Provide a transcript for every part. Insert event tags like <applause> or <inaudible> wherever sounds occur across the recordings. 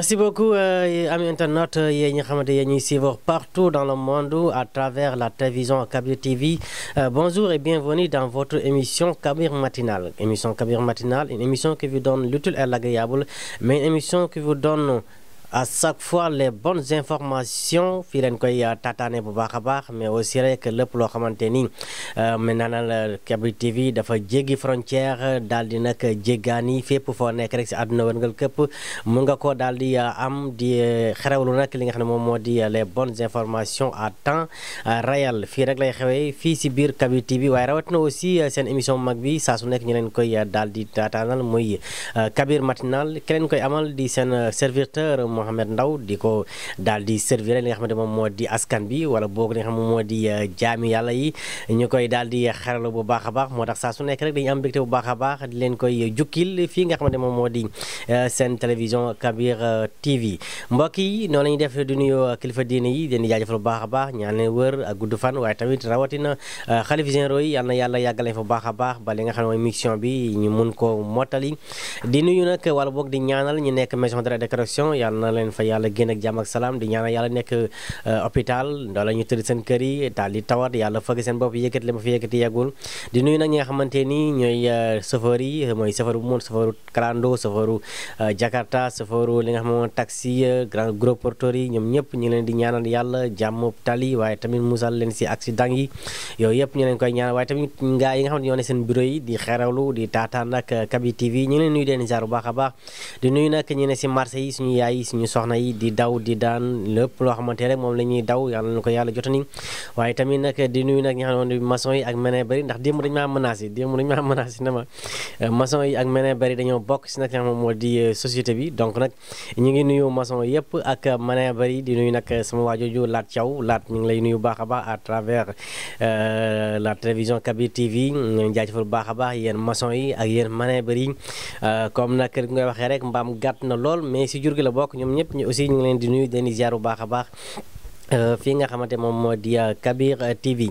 merci beaucoup euh, ami internaute euh, yéen ñi xamante yéen ñuy suivre partout dans le monde à travers la télévision Kabir TV euh, bonjour et bienvenue dans votre émission Kabir matinale émission Kabir matinale une émission qui vous donne l'utile et l'agréable mais une émission qui vous donne à chaque fois les bonnes informations fii leen koy euh, tataane bu baax a baax mais aussi rek lépp loo xamante ni euh, maintenant la Kabir TV dafa jéggi frontière daal di nag jéggaani fépp foo nekk rek si àdduna wërngal këpp mun nga ko daal di euh, am di xerewlu nag li nga xam ne moom moo di les bonnes informations à temps réel fii rek lay xewee fii si biir Kabir TV waaye na aussi seen émission mag bi saa su nekk ñu leen koy daal di tataanal muy Kabir matinal ki Mouhamed Ndaw di ko daal di servir li nga xamante moom moo di askan bi wala boog li nga xam moom moo di euh, jaami yàlla yi ñu koy daal di bu baax a baax moo tax saa su nekk rek a baax di leen euh, euh, yi noonu la ñuy def di nuyu kilifa diine yi leen di jaajëfal bu baax a baax ñaan leen wër ak gudd fan waaye tamit rawatina xalif généraux yi yal na yàlla a ba li nga xam ne mooy mission bi ñu mun ko mottali di boog di ñaanal ñu nekk maison de la yàlla ñaanal leen fa yàlla génn ak jàmm ak salaam di ñaanal yàlla nekk euh, hôpital ndoo la ñu tëdd seen kër yi taal tawat yàlla fëgg seen bopp yëkkati la ma fi yëkkati yeggul di nuyu nag euh, yi mooy chauffeur ñu leen di ñaanal yàlla jàmm tali waaye tamit musal leen si accident yi yooyu yëpp ñu leen koy ñaanal waaye tamit ngaa yi nga xam ne ñoo ne seen bureau yi di xerawlu di taataan ak euh, Kabi TV ñu leen nuyu deen jaar bu baax a baax di nuyu nag ñu ne si marché yi suñu yaay yi suñu soxna yi di daw di daan lépp loo xamante rek moom la daw yàlla na ko yàlla jotani waaye tamit nag di nuyu nag ñi yi ma maçon yi ak menee euh, di euh, bi donc nag ñu ngi nuyu maçon yëpp ak menee di nuyu nag sama waajooju Laat Thiaw Laat ñu lay nuyu baax a travers euh, la télévision Kabir TV ñu jaajëfal baax a baax yéen maçon yi ak yéen menee bëri comme nag li nga waxee rek mbaam gàtt na lool mais si jur gi la bokk ñoom ñëpp ñu aussi leen di nuyu di ziar bu baax a baax. Euh, fii nga xamante moom moo di euh, Kabir euh, TV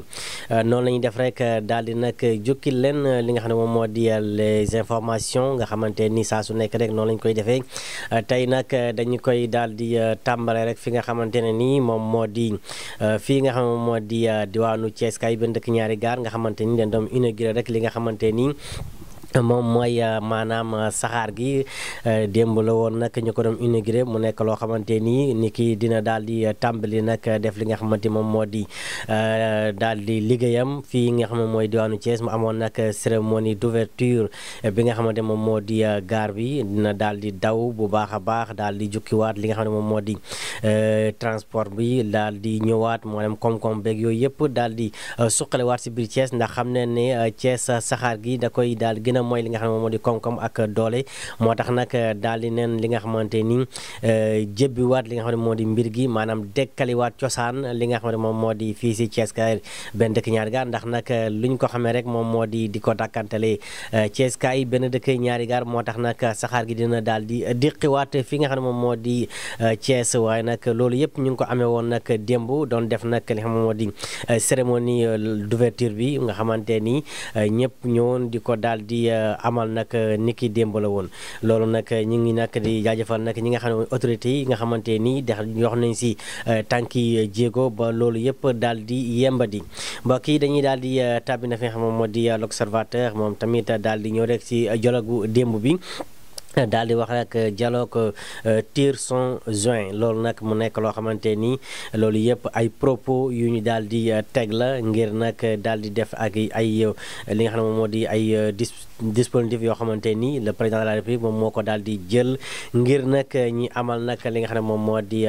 noonu la ñuy def rek daal di nag jukki leen li nga xam ne moom moo di les informations nga xamante nii saa su nekk rek noonu lañu koy defee tey nag dañu koy daal di tàmbale rek fi nga xamante ne nii moom moo di fii nga xam ne moom moo di diwaanu Thiès kay benn dëkk ñaari gaar nga xamante ni dañ doon inauguré rek li nga xamante nii moom mooy euh, maanaam euh, saxaar gi euh, démb la woon nag ñu ko doon inauguré mu nekk loo xamante nii ni kii dina daal di tàmbali nag def li nga xamante moom moo di daal di liggéeyam fii nga xam mooy diwaanu Thiès mu amoon nag cérémonie d'ouverture bi nga xamante moom moo di gaar bi dina daal di daw bu baax a baax daal di jukkiwaat li nga xam ne moom moo di transport bi daal di ñëwaat moo dem koom-koom beeg yooyu yëpp dal di suqalewaat si biir Thiès ndax xam ne ne Thiès saxaar gi da koy daal gën na mooy li nga xam ne moom moo di koom-koom ak doole moo tax nag daal di neen li nga xamante ni euh, jébbiwaat li nga xam ne moo di mbir gi maanaam dekkaliwaat cosaan li nga xam ne moom moo di fii si Thiès Kaay benn dëkk ñaari gaar nag luñ ko xamee rek moom moo di di ko dàkkantale euh, Thiès Kaay benn dëkk ñaari gaar moo tax nag saxaar gi dina daal di diqiwaat fi nga xam ne moom moo di euh, Thiès waaye nag loolu yëpp ñu ngi ko amee woon nag démb doon def nag li nga xam ne moo di cérémonie d'ouverture bi nga xamante ni ñëpp ñëwoon di ko daal Euh, amal nag euh, ni ki démb la woon loolu nag ñu ngi nag di jaajëfal nag ñi nga xam ne autorité yi nga xamante nii dex wax nañ si euh, tànki jéego ba loolu yëpp daal di yembat yi mbokk yi dañuy daal di tàbbi na fi moom moo di l'observateur moom tamit daal di ñëw rek si jologu démb bi daal di wax rek ko tire son juin loolu nag mu nekk loo xamante nii loolu yëpp ay propos yu ñu daal di euh, teg la ngir nag daal di def ak ay euh, li nga xam ne moom moo di ay euh, dis dispositif yoo xamante ni le président de moom moo ko daal di jël ngir nag ñi amal nag li nga xam ne moom moo di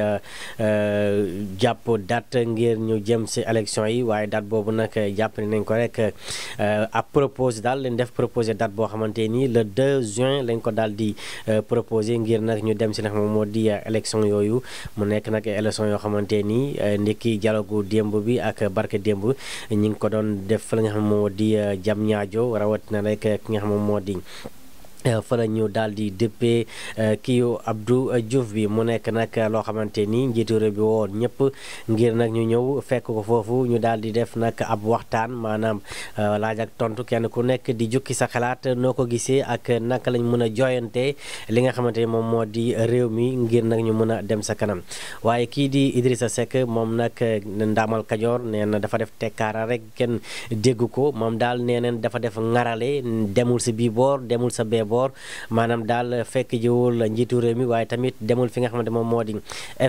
jàpp date ngir ñu jëm si élection yi waaye date boobu nag jàpp nañ ko rek à propos daal leen def proposé dat boo xamante ni le juin lañ ko daal di Euh, proposé ngir nag ñu dem si nag moom moo di euh, élection yooyu mu nekk nag élection yoo xamante ni euh, ndiki dialogue démb bi ak barke démb ñi ngi ko doon def fa nga xam ne moo di jam ñaajo rawat na rek ki nga xam ne moo di Euh, fa la ñu daal di dëppee euh, kiiyu Abdou Diouf bi mu nekk nag loo xamante ni njiitu réew bi woon ñëpp ngir nag ñu ñëw fekk ko foofu ñu daal di def nag ab waxtaan maanaam euh, laaj ak tontu kenn ku nekk di jukki sa xalaat noo ko gisee ak naka lañ mën a jooyante li nga xamante ni moom moo di réew mi ngir nag ñu mën a dem sa kanam waaye kii di Idrissa Seck moom nag ndaamal Kajoor nee na dafa def tekkaara rek kenn dégg ko moom daal nee neen dafa def narale demul si bii boor demul d'abord maanaam daal fekk jiwul njiitu réew mi waaye tamit demul fi nga xamante moom moo di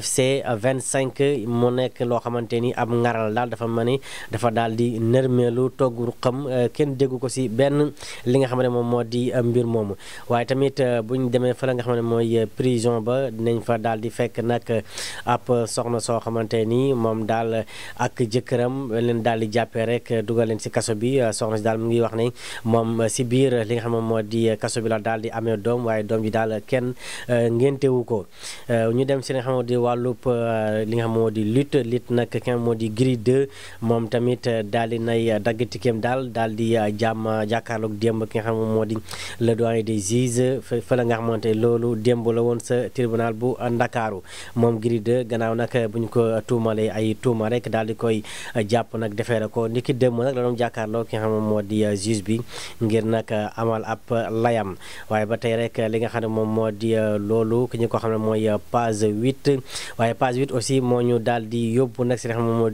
FC 25 mu nekk loo xamante ni ab ngaral daal dafa mel ni dafa daal di nërmeelu togg ruqam euh, kenn déggu ko si benn li nga xamante moom moo di euh, mbir moomu waaye tamit euh, buñ demee fa la nga xamante mooy prison ba dinañ fa daal di fekk nag ab soxna soo xamante nii moom daal ak jëkkëram leen dal di jàppee rek dugal si kaso bi soxna si daal mu ngi wax ne moom si biir li nga xam moo di kaso bi la daal di amee doom waaye doom ji daal kenn euh, ngéntewu ko euh, ñu dem si li nga xam di wàllub euh, nga xam moo di lutte lutte nag moo di Gris 2 moom tamit daal di nay dagg tikeem daal daal di jàmm jàkkaarloog démb moo di le doyen des juges fa la nga xamante loolu démb la woon sa tribunal bu Ndakaaru moom Gris de gannaaw nag bu ñu ko tuumalee ay tuuma rek daal di koy jàpp nag defee ko niki démb nag la doon jàkkaarloo ki nga xam moo di juge bi ngir nag amal ab layam waaye ba tey rek li nga xam ne moom moo di euh, loolu ki ñu ko xam ne mooy euh, page 8 waaye page 8 aussi moo ñu daal di yóbbu nag si nga xam ne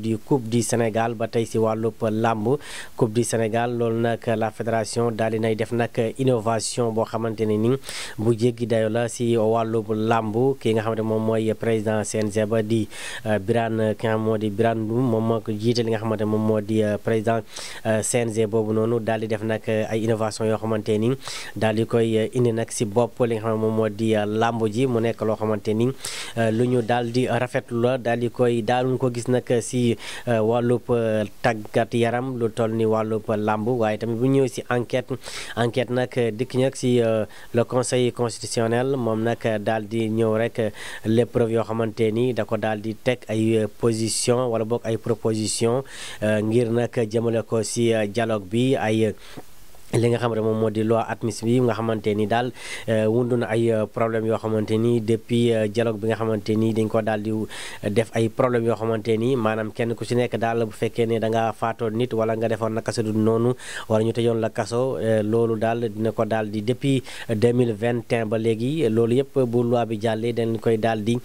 di Sénégal ba tey si wàllub làmb coupe du Sénégal loolu nag la fédération daal di nay def nag innovation boo xamante ne ni bu jéggi dayo la si wàllub làmb ki nga xam ne moom mooy président CNG ba di euh, Birane ki moo di Birane Ndoum moom moo ko li nga xamante moom moo di président CNG boobu noonu daal di def nag ay innovation yoo xamante ni daal di ko koy eh, indi nag si bopp li nga xam moom moo di eh, làmb ji mu nekk loo xamante ni eh, lu ñu daal di rafetlu la daal di koy daaluñ ko gis nag si wàllub tàggat yaram lu toll ni wàllub làmb waaye tamit bu ñëw si enquête enquête nag dikk ñag si le conseil constitutionnel moom nag daal di ñëw rek lépp yoo xamante ni da ko daal di teg ay position wala boog ay proposition ngir nag jëmale ko si dialogue bi ay li nga xam ne moom moo di loi miss bi nga xamante nii daal euh, wundu na ay euh, problème yoo xamante nii depuis euh, dialogue bi nga xamante nii dañ ko daal di def ay problème yoo xamante ni maanaam kenn ku si nekk daal bu fekkee ne danga nga nit wala nga defoon naka sa noonu wala ñu tëjoon la kaso loolu daal dina ko daal di depuis 2021 ba léegi loolu yëpp bu loi bi jàllee dañ koy daal di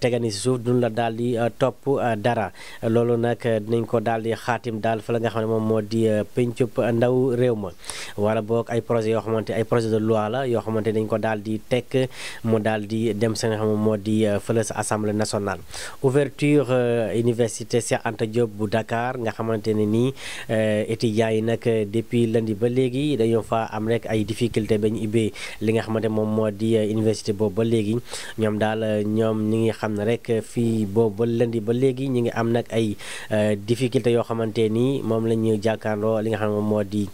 tegani ci suuf duñ la daal di topp dara loolu nag dinañ ko daal di xaatim daal fa la nga xam ne moom moo di pencub ndaw réew ma wala boog ay projet yoo xamante ay projet de loi la yoo xamante dañ ko daal di tekk mu daal di dem sa nga xam moo di euh, fële sa assemblée nationale ouverture euh, université Cheikh Anta Diop bu Dakar nga xamante ne nii euh, étudiants yi nag depuis lundi ba léegi dañoo fa am rek ay difficulté ba ñu ubbee li nga xamante moom moo di université boobu ba léegi ñoom daal ñoom ñi ngi xam ne rek fii boobu ba lundi ba léegi ñu ngi am nag ay difficulté yoo xamante nii moom la ñu jàkkaarloo li nga xam moom moo di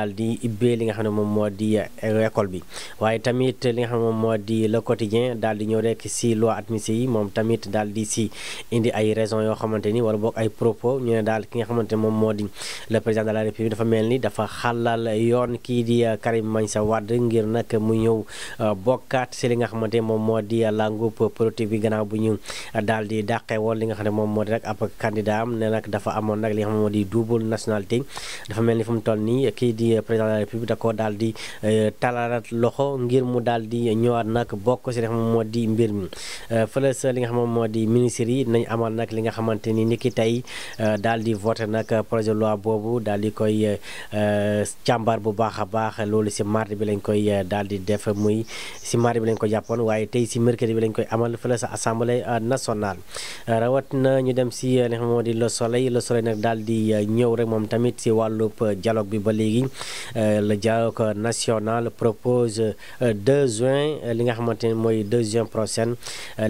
daal di ibbee li nga xam ne moom moo di eh, école bi waaye tamit li nga xam ne moom moo di le quotidien daal di ñëw rek si loi admise yi moom tamit daal di si indi ay raison yoo xamante ni wala boog ay propos ñu daal ki nga xamante moom moo di le président dafa mel ni dafa xalal yoon kii di eh, Karim Meïssa Wade ngir nag mu ñëw eh, bokkaat si li nga xamante moom moo di langue politique bi gannaaw bu ñu daal di dàqee woon li nga xam ne moom moo di rek ab candidat am ne nag dafa amoon nag li nga xam ne moo di double nationalité dafa mel ni fu toll nii kii di di président de la république da ko daal di euh, talalat loxo ngir mu daal di ñëwaat nag bokk si li nga moo di mbir mi euh, fële sa li nga xam moo di ministre yi nañ amal nag li nga xamante ni ni ki tey euh, daal di voté nag projet loi boobu daal di koy cambar bu baax a baax loolu si mardi bi lañ koy dal di def muy si mardi bi lañ ko jàppoon waaye tey si mercredi bi lañ koy amal fële sa assemblée nationale rawat na ñu dem si li nga moo di le soleil le soleil nag daal di ñëw rek moom tamit si wàllub dialogue Euh, le dialogue national propose 2 euh, juin euh, li nga xamante ne mooy 2 juin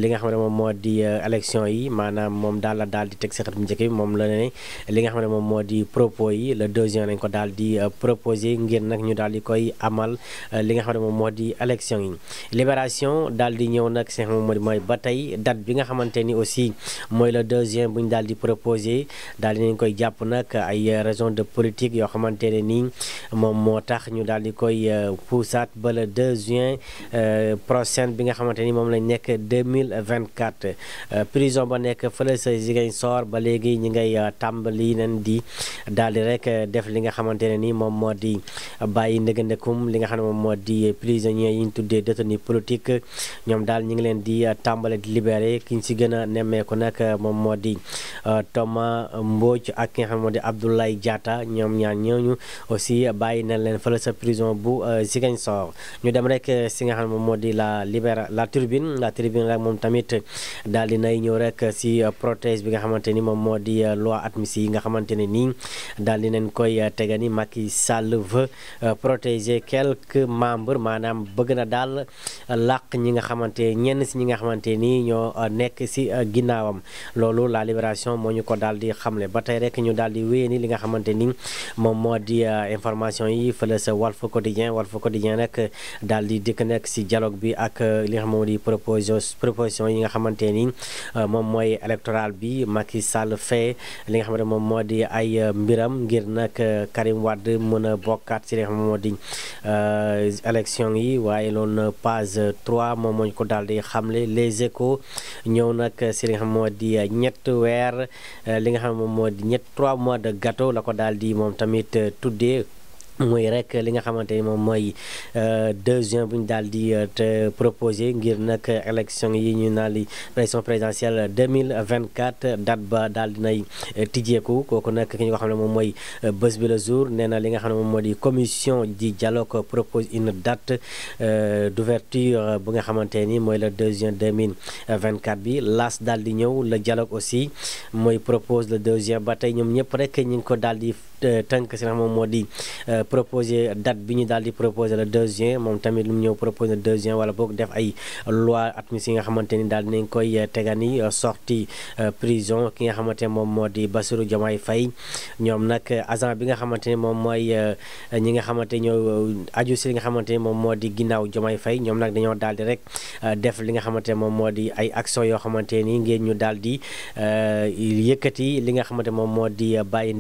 li nga xamante moom moo di élection yi maanaam moom daal la daal di teg si njëkk bi moom la ne xam ne moom moo di propos yi le 2 juin lañ ko daal di proposer ngir nag ñu daal di koy amal li nga xam ne moom moo di élection yi libération daal di ñëw nag si moom mooy ba tey date bi nga xamante ni aussi mooy le 2 bu ñu daal di proposer daal di nañ koy jàpp nag ay raison de politique yoo xamante ne nii moom moo tax ñu daal di koy euh, puusaat ba le 2 juin euh, prochaine bi nga xamante ni moom lañ nekk 2024 euh, prison ba nekk fële sa Ziguinchor ba léegi ñi ngay tàmbali leen di daal di rek def li nga xamante ne ni moom moo di bàyyi ndëgëndëkum li nga xam ne moom moo di prisonniers yi ñu tuddee détenus politiques ñoom daal ñu ngi leen di tàmbale di libéré ki ñu si gën a nemmeeku nag moom moo di Thomas Mbodj ak ki nga xam ne moo di Abdoulaye Diatta ñoom ñaar ñooñu aussi bàyyi na leen fële sa prison bu euh, Ziguinchor ñu dem rek euh, si nga xam moom moo di la libéra la tribune la tribune rek moom tamit daal di nay ñëw rek euh, si protège bi nga xamante ni moom moo di loi amnistie yi nga xamante ne nii daal di leen koy tegani Macky Sall veut protéger quelques membres maanaam bëgg na daal làq ñi nga xamante ñenn si ñi nga xamante ni ñoo nekk si ginnaawam loolu la libération moo ñu ko daal di xamle ba tey rek ñu daal di wéyee li nga xamante ni moom moo di information yi fële sa Walf Quotidien Walf Quotidien nag daal di dikk nekk si dialogue bi ak li nga xam moo yi nga xamante ni euh, moom mooy électoral bi Macky sal fee li nga xamante moom moo di ay euh, mbiram ngir nag euh, Karim Wade mën a bokkaat si li nga xam moo di élection yi waaye na page 3 moom mooñ ko daal di xamle les échos ñëw nag si li nga xam moo di ñett weer li nga xam moom moo di ñett 3 mois de gâteau la ko daal di moom tamit tuddee muy rek li nga xamante ni moom mooy euh, deux juin bu ñu daal di euh, te ngir nag élection yi ñu naan li élection présidentielle 2024 date ba daal dinay tijjeeku kooku nag ki nga xam ne moom mooy euh, bés bi le jour nee na li nga xam ne moom moo di commission di dialogue propose une date d'ouverture bu nga xamante ni mooy le deux juin 2024 bi las daal di ñëw la dialogue aussi mooy propose le deux juin ba tey ñoom ñëpp rek ñu ngi ko daal di tënk si nga xam moom moo di euh, proposé date bi ñu daal di proposé le 2 juin moom tamit mu ñëw proposé le wala boog def ay loi admis yi nga xamante ni daal dinañ koy euh, tegani euh, sorti prison ki nga xamante ne moom moo di Bassirou Diomaye fay ñoom nag agent bi nga xamante ni moom mooy ñi nga xamante ñoo aju si nga xamante ni moom moo di ginnaaw Diomaye Faye ñoom nag dañoo daal rek def li nga xamante moom moo di ay action yoo xamante nii ngeen ñu daal di yëkkati li nga xamante moom moo di bàyyi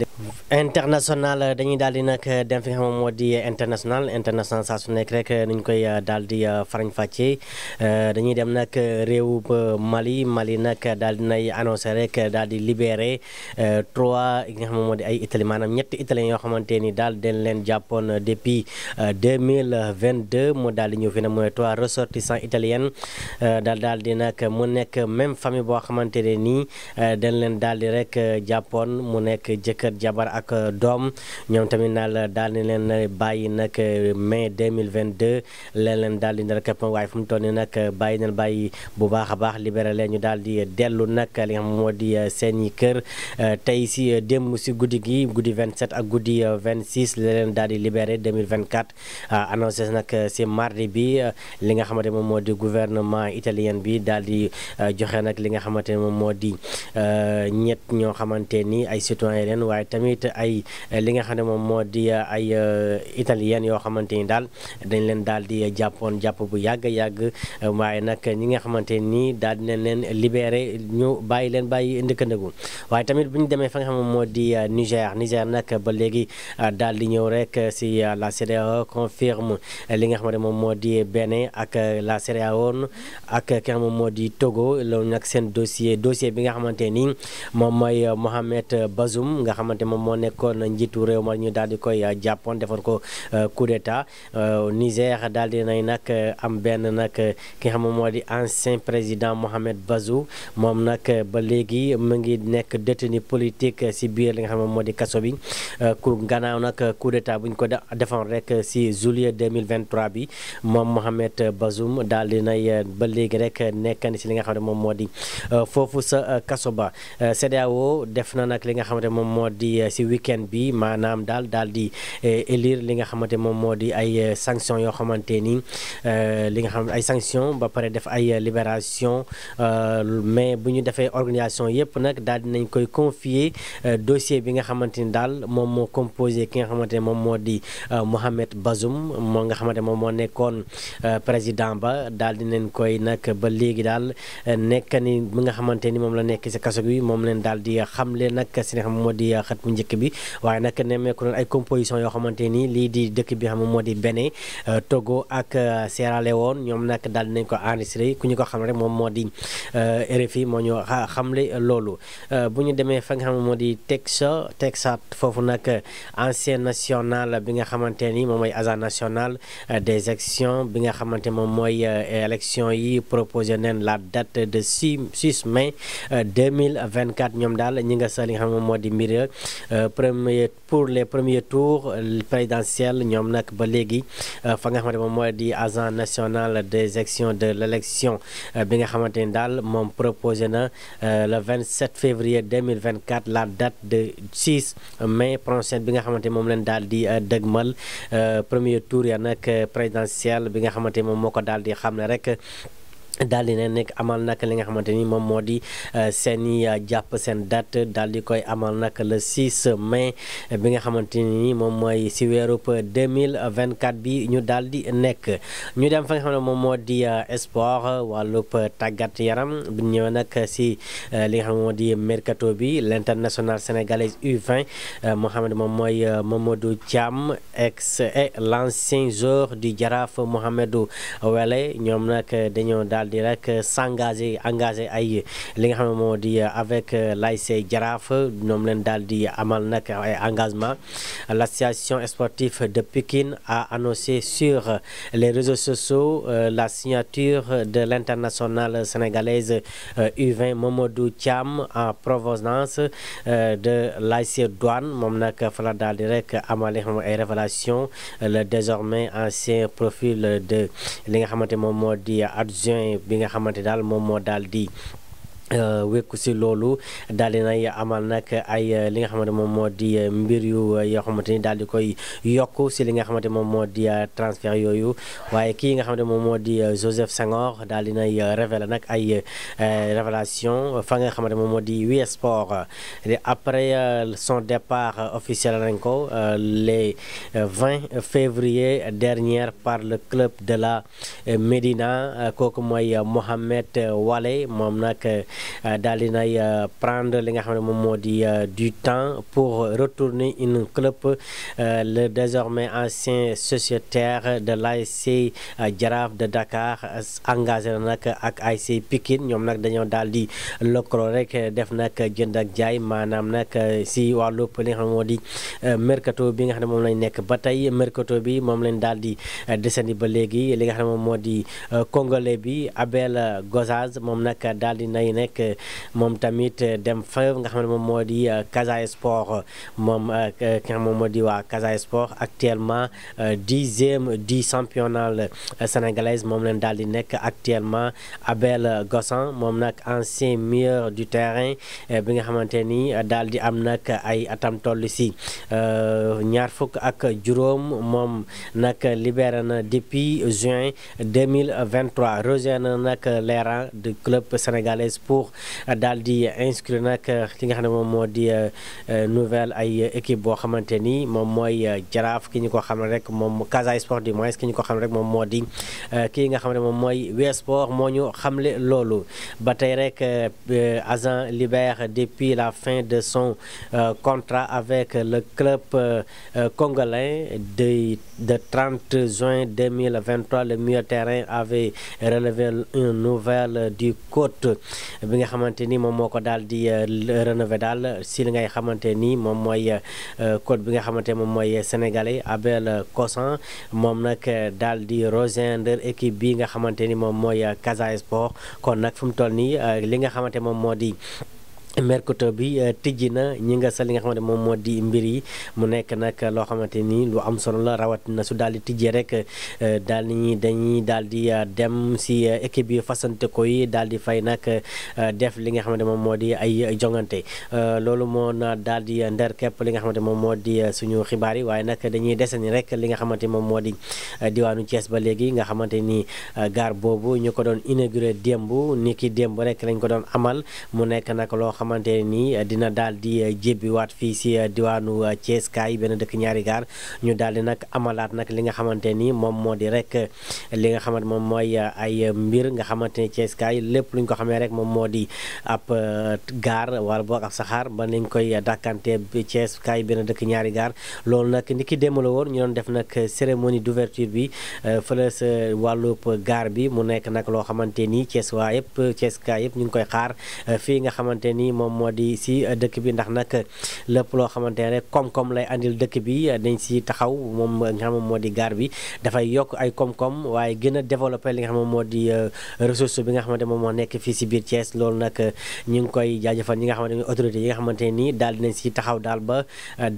national euh, dañuy daal di nag euh, dem fi nga xam moo di international international saa su nekk rek euh, nuñ koy daal di farañ fàccee dañuy dem nag réew Mali Mali nag daal di nay annoncé rek daal di libéré trois yi nga xam moo maanaam ñetti italien yoo xamante ni daal dañ leen jàppoon depuis 2022 mu daal di ñëw fi nag mooy trois ressortissants italiens daal daal di nag mu nekk même famille boo xamante ne nii dañ leen daal di rek jàppoon mu nekk jëkkër jabar ak doom ñoom tamit naal daal di leen bàyyi nag euh, mai 2022 leen leen daal di ne waaye fu mu toll nii nag euh, bàyyi neen bàyyi bu baax a baax libere leen ñu daal di dellu nag li nga xam moo di euh, seen i kër tey si démb si guddi gi guddi 27 ak guddi 26 la leen daal di libéré 2024 annoncé nag si mardi bi li nga xamante moom moo di gouvernement italien bi daal di joxe nag li nga xamante moom moo di ñett ñoo xamante ni ay citoyen leen waaye tamit ay li nga xam ne moom moo di uh, ay uh, italiennes yoo xamante ni daal dañ leen daal di jàppoon jàpp bu yàgg yàgg uh, waaye nag ñi nga xamante nii daal di leen leen libéré ñu bàyyi leen bàyyi ndëkkandëgu waaye tamit bu ñu demee fa nga xam moom moo di Niger Niger nag ba léegi daal di ñëw rek si la CEDEAO confirme li nga xamante moom moo di Bénin ak la CEDEAO ak ki moom moo di Togo loolu nag seen dossier dossier bi nga xamante ni nga xamante moom moo nekkoon woon njiitu réew ma ñu daal di koy uh, jàppoon defoon ko uh, coup d'état uh, Niger daal di nay nag am benn nag ki nga xam moo di ancien président Mohamed Bazoum moom nag ba léegi mu ngi nekk détenu politique si biir li nga xam moo di kaso bi ku gannaaw nag coup d'état bu ñu ko defoon rek si juillet 2023 bi moom Mohamed Bazoum daal di nay ba léegi rek nekkan si li nga xam ne moom moo di foofu sa kaso ba CEDEAO def na nag li nga xamante moom moo di si weekend bi maanaam daal daal di eh, élire li nga xamante moom moo di ay eh, sanctions yoo xamante ni eh, li nga xam ay sanctions ba pare def ay libération euh, mais bu ñu defee organisation yëpp nag daal nañ koy confier dossier bi nga xamante ni daal moom moo composé ki nga xamante ne moom moo di euh, Mohamed Bazoum moo nga xamante moom moo nekkoon euh, président ba daal dinañ koy nag ba léegi daal nekk ni bi nga xamante ni moom la nekk si kaso bi moom leen daal di xamle nag si nga xam moo di xët bu njëkk bi waaye nag nemmeeku nañ ay composition yoo xamante nii lii di dëkk bi xam moo di Bénin euh, Togo ak euh, Sierra woon ñoom nag daal nañ ko enregistré ku ñu ko xam ne moom moo di euh, RFI moo ñu xamle loolu bu ñu demee fa nga xam moo di Texas Texas foofu nag ancien national bi nga xamante ni moom mooy agent national des actions bi nga xamante moom mooy élection yi proposé nañ la date de 6 6 mai 2024 ñoom daal ñi nga sa li nga xam moom moo di mbir premier pour les premiers tours euh, présidentiels ñoom nag ba léegi euh, fa nga xamante moom mooy di agent national des actions de l' euh, bi nga xamante ni daal moom proposé na le 27 février 2024 la date de 6 mai prochaine bi nga xamante moom leen daal di dëgmal premier tour ya nag présidentiel bi nga xamante moom moo ko daal di xam ne rek daal di ne nekk amal nag li nga xamante ni moom moo di euh, seen euh, jàpp seen date daal di koy amal nag la 6 mai euh, bi nga xamante ni moom mooy si weerub 2024 bi ñu dal di nekk ñu dem fa nga xam ne moom moo di sport wàllub tàggat yaram bu ñu ñëwee nag si li nga xam ne moo di mercato bi l' international sénégalaise U20 moo xam moom mooy Mamadou Thiam ex et l' ancien joueur du Jaraaf Mohamedou Wele ñoom nag dañoo daal daal di rek euh, s'engager engagé ay li nga xam ne moo di euh, avec euh, l'ASC Jaraaf ñoom leen daal di amal nag ay engagement l'association sportive de Pikine a annoncé sur les réseaux sociaux la signature de l'internationale sénégalaise U20 Mamadou Thiam en provenance de l'ASC Douane moom nag fa la daal di rek amal li nga xam ne ay révélation le désormais ancien profil de li nga xamante moom moo di bi nga xamante daal moom moo daal di Euh, wekku si loolu daal di nay amal nag ay euh, li nga xamante moom moo di euh, mbir yu yoo xamante ni daal di koy yokk si li nga xamante moom moo di transfert yooyu waaye kii nga xamante moom moo di Joseph Senghor daal di nay révélé nag ay révélation fa nga xamante moom moo di Wii Sport après son départ officiel nañ ko les 20 février dernière par le club de la Médina kooku mooy Mohamed Wale moom nag Euh, daal di nay euh, prendre li nga xam ne moom moo di euh, du temps pour retourner une club le désormais ancien sociétaire de l'ASC Jaraaf de Dakar engagé na nag ak ASC Pikine ñoom nag dañoo daal di lëkkaloo rek def nag jënd ak jaay maanaam nag si wàllu li nga xam ne moo di mercato bi nga xam ne moom lañ nekk ba tey mercato bi moom lañ daal di desandi ba léegi li nga xam ne moom moo di congolais bi Abel Gozaz moom nag daal di nay nekk rek moom tamit dem fa nga xam ne moom moo di euh, Casa Sport moom euh, euh, ki nga moom moo di waa Casa Sport actuellement dixième du championnat sénégalaise moom leen daal di nekk actuellement Abel Gossan moom nag ancien meilleur du terrain bi nga xamante ni daal di am nag ay atam toll si ñaar fukk ak juróom moom nag libéré na depuis juin 2023 rejoint na nag les du club sénégalais pour Tour euh, daal di inscrire nag euh, ki nga xam ne moom moo di euh, nouvelle ay équipe boo xamante ni moom mooy jaraaf ki ñu ko xam ne rek moom Casa Sport du moins ki ko xam ne rek moom moo di kii nga xam ne moom mooy West Sport moo ñu xamle loolu ba tey rek agent libère depuis la fin de son contrat avec le club congolais de de 30 juin 2023 le milieu terrain avait relevé un nouvel du côte bi nga xamante ni moom moo ko daal di euh, rénové daal si li ngay xamante nii moom mooy euh, code bi nga xamante moom mooy sénégalais Abel Kosan moom nag daal di rejoindre équipe bi nga xamante ni moom mooy Casa Sport kon nag fu mu toll nii euh, li nga xamante moom moo di mercato bi euh, tijji na ñi nga sa li nga xamante moom moo di mbir yi mu nekk nag loo xamante ni lu am solo la rawatina su daal di tijjee rek euh, daal ni dañuy daal di euh, dem si équipe yi fasante daal di fay nag def li nga xamante moom moo di ay jongante loolu moo na daal di nder képp li nga xamante moom moo di suñu xibaar yi waaye nag dañuy desani rek li nga xamante moom moo di diwaanu Thiès ba léegi nga xamante ni gaar boobu ñu ko doon inauguré démb nit ki démb rek lañ ko doon amal mu nekk nag loo xamante ne nii dina daal di eh, waat fii si eh, diwaanu eh, Thiès kaay benn dëkk ñaari gaar ñu daal di nag amalaat nag li nga xamante nii moom moo di rek li nga xamante moom mooy ay mbir nga xamante ni Thiès kaay lépp luñ ko xamee rek moom moo di ab gaar wala boog ab saxaar ba lañ koy dàkkante Thiès kaay benn dëkk ñaari gaar loolu nag ni ki démb la woon ñu doon def nag cérémonie d'ouverture bi fële sa wàllub gaar bi mu nekk nag loo xamante ni Thiès waa yëpp Thiès kaay ñu koy xaar fii nga xamante ni ni moom moo di si euh, dëkk bi ndax nag euh, lépp loo xamante ne rek koom-koom lay andil dëkk bi euh, dañ si taxaw moom nga moom moo di gaar bi dafay yokk ay koom-koom waaye gën a développé li nga xam moom moo di ressource bi nga xamante moom moo nekk fii si biir Thiès loolu nag ñu ngi koy jaajëfal ñi nga xamante ne autorité yi nga xamante ne nii daal dinañ si taxaw daal ba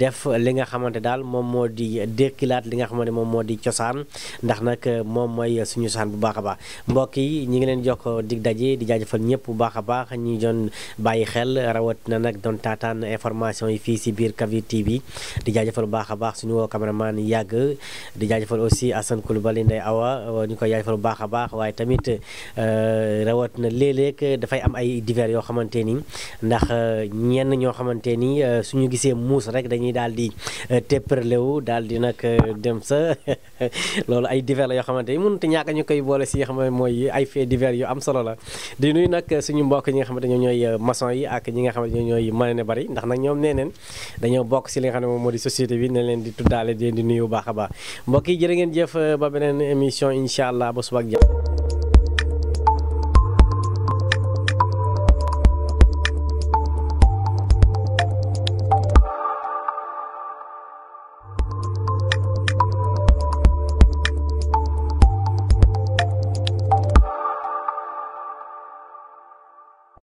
def li nga xamante daal moom moo di dékkilaat li nga xamante moom moo di cosaan ndax nag moom mooy suñu cosaan bu baax a baax ñi ngi leen jokk dig daje di jaajëfal ñëpp bu baax ñi doon bàyyi xel xel rawat na nag doon taataan si biir Kavir TV di jaajëfal bu baax a baax suñu woo cameraman yàgg di bu baax a baax waaye tamit euh, rawat na léeg-léeg dafay am ay divers yoo xamante ni ndax euh, ñenn ñoo xamante ni euh, suñu gisee muus rek dañuy daal di tépparlewu daal di nag dem sa <laughs> loolu ay divers la yoo xamante ni mënut ñàkk ñu koy boole si yoo xam mooy ay faits divers yu am solo la di nuyu nag suñu mbokk ñi nga xamante ñoo ñooy maçon yi ak ñi nga xam ne ñooy mën ne bari ndax nag ñoom nee neen dañoo bokk si li nga xam ne moom moo di société bi ne leen di tuddaale di leen di nuyu bu baax a baax mbokk yi jërë ngeen jëf ba beneen émission incha allah ba suba ak